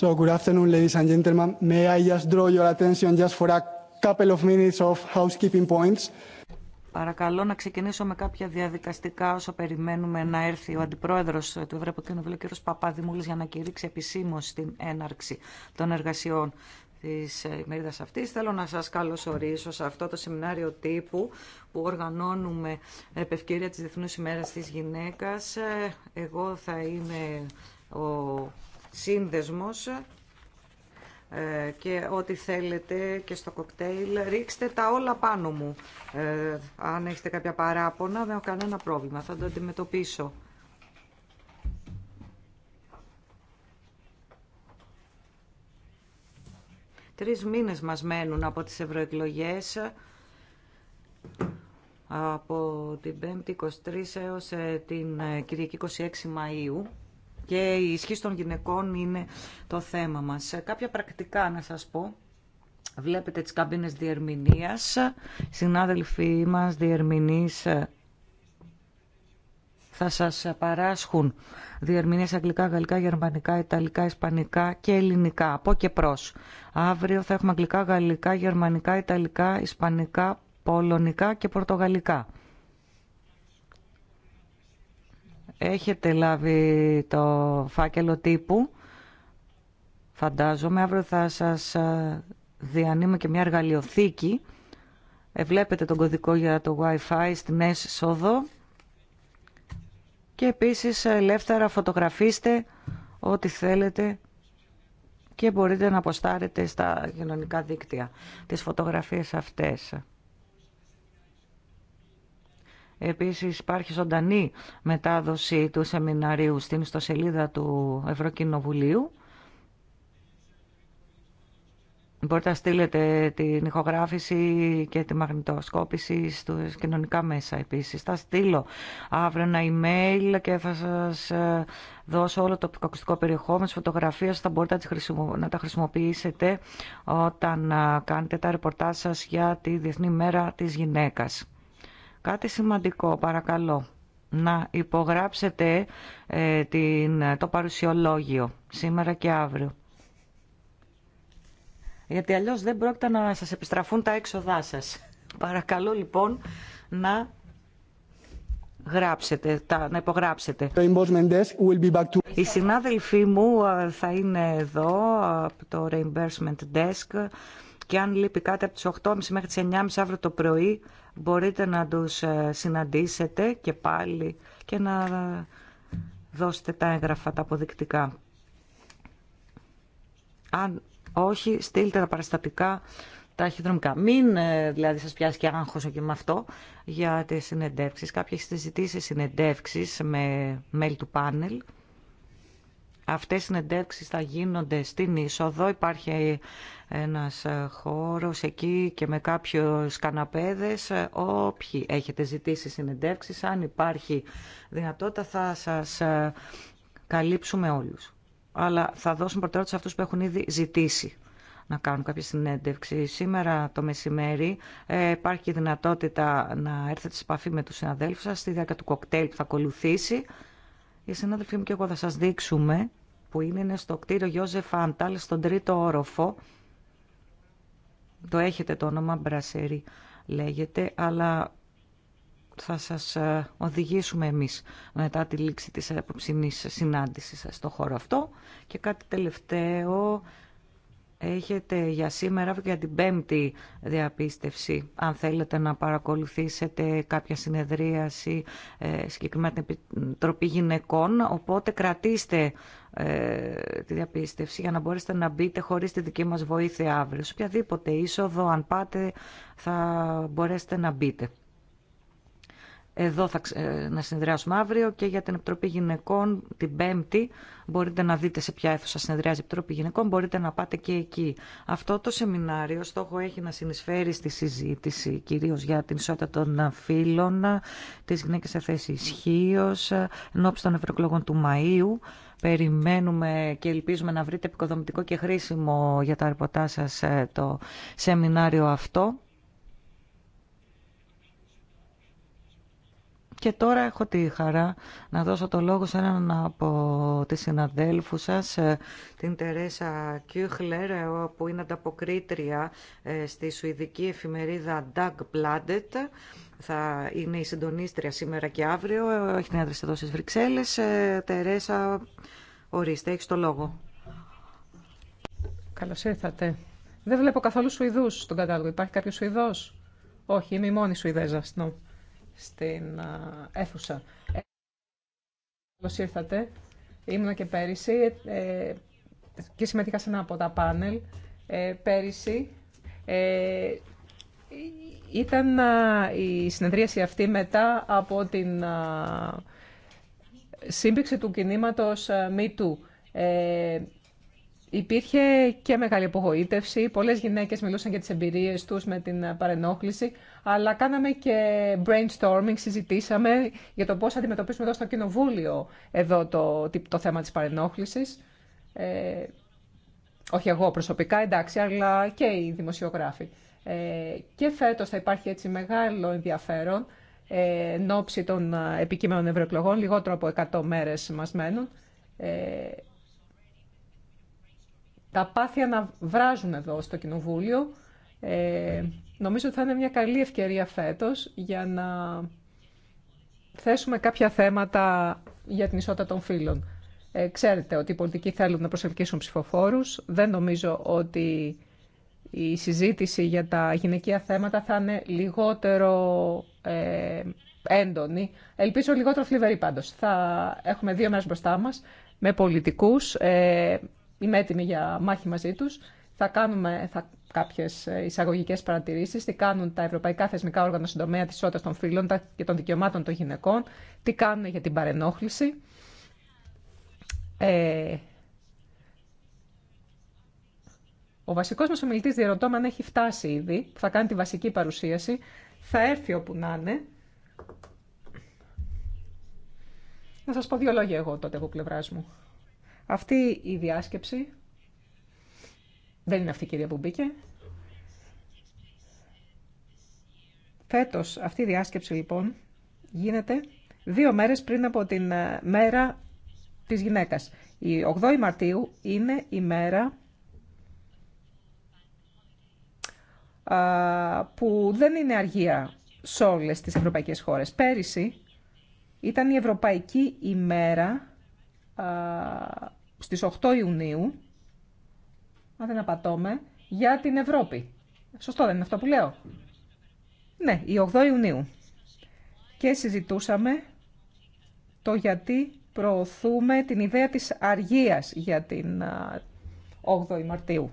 So good afternoon, ladies and gentlemen. May I just draw your attention just for a couple of minutes of housekeeping points. Παρακαλώ να ξεκινήσω με κάποια διαδικαστικά όσο περιμένουμε να έρθει ο Αντιπρόεδρο του Ευρωπαϊκού Κοινοβουλίου, κ. Παπαδημούλη, για να κηρύξει επισήμω την έναρξη των εργασιών τη ημερίδα αυτή. Θέλω να σα καλωσορίσω σε αυτό το σεμινάριο τύπου που οργανώνουμε επ' ευκαιρία τη Διεθνού ημέρας τη Γυναίκα. Εγώ θα είμαι ο σύνδεσμος ε, και ό,τι θέλετε και στο κοκτέιλ. Ρίξτε τα όλα πάνω μου. Ε, αν έχετε κάποια παράπονα, δεν έχω κανένα πρόβλημα. Θα το αντιμετωπίσω. Τρεις μήνες μας μένουν από τις ευρωεκλογέ από την 5η 23 έως ε, την ε, Κυριακή 26 Μαΐου και η ισχύ των γυναικών είναι το θέμα μας. Κάποια πρακτικά να σας πω. Βλέπετε τις καμπίνες διερμηνίας. Συνάδελφοί μας διερμηνείς θα σας παράσχουν διερμηνίες αγγλικά, γαλλικά, γερμανικά, ιταλικά, ισπανικά και ελληνικά. Από και προς. Αύριο θα έχουμε αγγλικά, γαλλικά, γερμανικά, ιταλικά, ισπανικά, πολωνικά και πορτογαλικά. Έχετε λάβει το φάκελο τύπου. Φαντάζομαι αύριο θα σας ε, διανύμω και μια εργαλειοθήκη. Ε, βλέπετε τον κωδικό για το Wi-Fi στην έσοδο. Και επίσης ε, ελεύθερα φωτογραφίστε ό,τι θέλετε και μπορείτε να αποστάρετε στα κοινωνικά δίκτυα τις φωτογραφίες αυτές. Επίσης υπάρχει ζωντανή μετάδοση του σεμιναρίου στην ιστοσελίδα του Ευρωκοινοβουλίου. Μπορείτε να στείλετε την ηχογράφηση και τη μαγνητοσκόπηση στους κοινωνικά μέσα επίσης. Θα στείλω αύριο ένα email και θα σας ε, δώσω όλο το ακουστικό περιεχόμενο, της θα μπορείτε να τα χρησιμοποιήσετε όταν ε, κάνετε τα ρεπορτάζ σας για τη Διεθνή Μέρα της Γυναίκας. Κάτι σημαντικό, παρακαλώ, να υπογράψετε ε, την, το παρουσιολόγιο σήμερα και αύριο. Γιατί αλλιώς δεν πρόκειται να σας επιστραφούν τα έξοδά σας. Παρακαλώ λοιπόν να γράψετε, τα, να υπογράψετε. Will be back to... Οι συνάδελφοί μου ε, θα είναι εδώ από το Reimbursement Desk και αν λείπει κάτι από τις 8.30 μέχρι τις 9.30 αύριο το πρωί μπορείτε να τους ε, συναντήσετε και πάλι και να δώσετε τα έγγραφα, τα αποδεικτικά. Αν όχι, στείλτε τα παραστατικά ταχυδρομικά. Μην ε, δηλαδή σας πιάσει και άγχος και με αυτό για τις συνεντεύξεις. Κάποιοι έχετε ζητήσει συνεντεύξεις με μέλη του πάνελ. Αυτές οι συνεντεύξεις θα γίνονται στην είσοδο. Υπάρχει ένας χώρος εκεί και με κάποιους καναπέδες. Όποιοι έχετε ζητήσει συνεντεύξεις, αν υπάρχει δυνατότητα θα σας ε, καλύψουμε όλους. Αλλά θα δώσουμε προτεραιότητα σε αυτούς που έχουν ήδη ζητήσει να κάνουν κάποια συνέντευξη. Σήμερα το μεσημέρι ε, υπάρχει δυνατότητα να έρθετε σε επαφή με τους συναδέλφους σας στη διάρκεια του κοκτέιλ που θα ακολουθήσει. Οι συνάδελφοί μου και εγώ θα σας δείξουμε που είναι στο κτίριο Γιώζεφ Αντάλ στον τρίτο όροφο. Το έχετε το όνομα Μπρασέρι λέγεται, αλλά θα σας ε, οδηγήσουμε εμείς μετά τη λήξη της απόψινής συνάντησης στο χώρο αυτό. Και κάτι τελευταίο, έχετε για σήμερα και για την πέμπτη διαπίστευση. Αν θέλετε να παρακολουθήσετε κάποια συνεδρίαση ε, συγκεκριμένα την Επιτροπή Γυναικών, οπότε κρατήστε ε, τη διαπίστευση για να μπορέσετε να μπείτε χωρίς τη δική μας βοήθεια αύριο. Σε οποιαδήποτε είσοδο, αν πάτε, θα μπορέσετε να μπείτε. Εδώ θα ε, να συνεδριάσουμε αύριο και για την Επιτροπή Γυναικών την Πέμπτη. Μπορείτε να δείτε σε ποια αίθουσα συνεδριάζει η Επιτροπή Γυναικών, μπορείτε να πάτε και εκεί. Αυτό το σεμινάριο στόχο έχει να συνεισφέρει στη συζήτηση κυρίω για την ισότητα των φύλων, τι γυναίκε σε θέση ισχύω, εν των ευρωεκλογών του Μαΐου. Περιμένουμε και ελπίζουμε να βρείτε επικοδομητικό και χρήσιμο για τα ρεπορτά σα ε, το σεμινάριο αυτό. Και τώρα έχω τη χαρά να δώσω το λόγο σε έναν από τις συναδέλφους σας, ε, την Τερέσα Κιούχλερ, ε, που είναι ανταποκρίτρια ε, στη σουηδική εφημερίδα Dag Bladet. Θα είναι η συντονίστρια σήμερα και αύριο. Έχει την άντρες εδώ στις Βρυξέλλες. Τερέσα, ορίστε, έχεις το λόγο. Καλώς ήρθατε. Δεν βλέπω καθόλου Σουηδούς στον κατάλογο. Υπάρχει κάποιος Σουηδός. Όχι, είμαι η μόνη Σουηδέζα στην αίθουσα. Καλώ ήρθατε. Ήμουνα και πέρυσι ε, ε, και συμμετείχα σε ένα από τα πάνελ. Ε, πέρυσι ε, ήταν η συνεδρίαση αυτή μετά από την σύμπηξη του κινήματος MeToo. Ε, Υπήρχε και μεγάλη απογοήτευση. Πολλές γυναίκες μιλούσαν για τις εμπειρίες τους με την ε, παρενόχληση, αλλά κάναμε και brainstorming, συζητήσαμε για το πώς αντιμετωπίσουμε εδώ στο Κοινοβούλιο εδώ το, το θέμα της παρενόχλησης. Ε, όχι εγώ προσωπικά, εντάξει, αλλά και οι δημοσιογράφοι. Ε, και φέτος θα υπάρχει έτσι μεγάλο ενδιαφέρον ε, εν ώψη των ε, επικείμενων ευρωεκλογών, λιγότερο από 100 μέρες μας μένουν. Ε, τα πάθια να βράζουν εδώ στο Κοινοβούλιο. Ε, νομίζω ότι θα είναι μια καλή ευκαιρία φέτος για να θέσουμε κάποια θέματα για την ισότητα των φύλων. Ε, ξέρετε ότι οι πολιτικοί θέλουν να προσελκύσουν ψηφοφόρους. Δεν νομίζω ότι η συζήτηση για τα γυναικεία θέματα θα είναι λιγότερο ε, έντονη. Ελπίζω λιγότερο φλιβερή πάντως. Θα έχουμε δύο μέρες μπροστά μας με πολιτικούς, ε, είμαι έτοιμη για μάχη μαζί τους. Θα κάνουμε θα, κάποιες εισαγωγικές παρατηρήσεις, τι κάνουν τα ευρωπαϊκά θεσμικά όργανα στον τομέα της ισότητα των φύλων και των δικαιωμάτων των γυναικών, τι κάνουν για την παρενόχληση. Ε, ο βασικός μας ομιλητής διαρωτώ αν έχει φτάσει ήδη, θα κάνει τη βασική παρουσίαση, θα έρθει όπου να είναι. Να σας πω δύο λόγια εγώ τότε από πλευράς μου. Αυτή η διάσκεψη δεν είναι αυτή η κυρία που μπήκε. Φέτος αυτή η διάσκεψη λοιπόν γίνεται δύο μέρες πριν από την ε, μέρα της γυναίκας. Η 8η Μαρτίου είναι η μέρα που δεν είναι αργία σε όλες τις ευρωπαϊκές χώρες. Πέρυσι ήταν η Ευρωπαϊκή ημέρα στις 8 Ιουνίου, αν δεν απατώμε, για την Ευρώπη. Σωστό δεν είναι αυτό που λέω. Ναι, η 8 Ιουνίου. Και συζητούσαμε το γιατί προωθούμε την ιδέα της αργίας για την 8η Μαρτίου.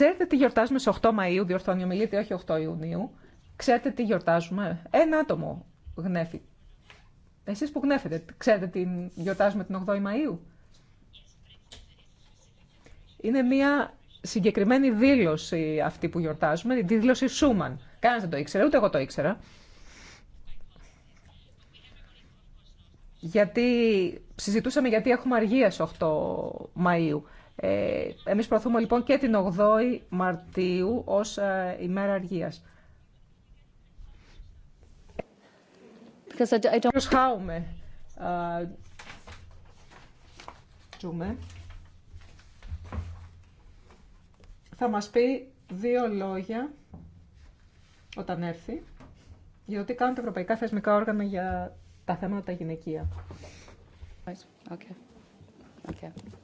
Ξέρετε τι γιορτάζουμε σε 8 Μαΐου, διορθώνει Μιλίτη, όχι 8 Ιουνίου. Ξέρετε τι γιορτάζουμε. Ένα άτομο γνέφει. Εσείς που γνέφετε, ξέρετε τι γιορτάζουμε την 8η Μαΐου. Είναι μια συγκεκριμένη δήλωση αυτή που γιορτάζουμε, τη δήλωση Σούμαν. Κανένα δεν το ήξερε, ούτε εγώ το ήξερα. γιατί συζητούσαμε γιατί έχουμε αργία 8 Μαΐου. Ε, εμείς προωθούμε λοιπόν και την 8η Μαρτίου ως ε, ημέρα αργίας. Θα μας πει δύο λόγια όταν έρθει για το τι κάνουν τα ευρωπαϊκά θεσμικά όργανα για τα θέματα γυναικεία. Okay. Okay.